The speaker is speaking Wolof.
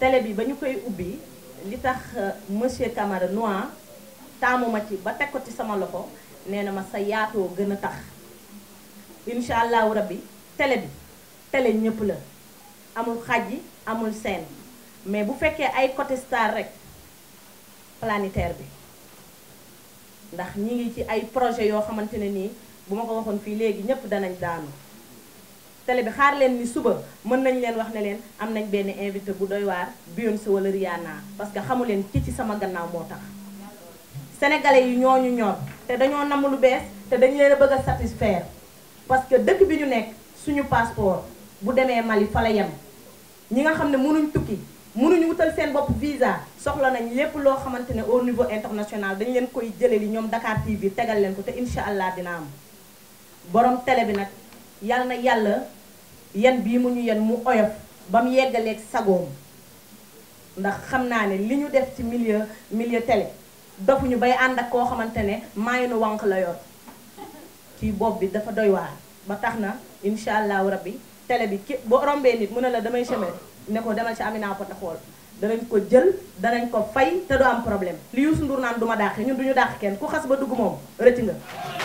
télé bi ba ñu koy ubbi li tax euh, monsieur Camara Noa taamu ma ci ba teg ko ci sama loxo nee na ma sa yaatoo gën a tax incha allahu rabbi télé bi télé ñëpp la amul xajji amul seen mais bu fekkee ay côté star rek planétaire bi ndax ñi ngi ci ay projet yoo xamante ne nii bu ma ko waxoon fii léegi ñëpp danañ daanu télé bi xaar leen ni suba mën nañ leen wax ne leen am nañ benn invité bu doy waar Beyoncé wala Rihanna parce que xamu leen ki ci sama gannaaw moo tax. sénégalais yi ñu ñor te dañoo namm lu bees te dañu leen a bëgg a satisfaire parce que dëkk bi ñu nekk suñu passeport bu demee Mali fa la yem ñi nga xam ne mënuñ tukki. mënuñu wutal seen bopp visa soxla nañ lépp loo xamante ne au niveau international dañ leen koy jëlee li ñoom Dakar TV tegal leen ko te incha allah dina am télé bi nag yal na yàlla. yan bii mu ñu yen mu oyof ba mu yeggalee yeggaleeg sagoom ndax xam naa ne li ñu def ci milieu milieu télé dofuñu bay ànd ak koo xamante ne maayinu wànq la yor kii bopp bi dafa doy waar ba tax na incha allahu rabbi tele bi ki boo rombee nit mu ne la damay chemé ne ko demal ci Amina Poté xool danañ ko jël danañ ko fay te du am problème li Youssou Ndour naan duma ma ñun du ñu dàq kenn ku xas ba dugg moom rëcc nga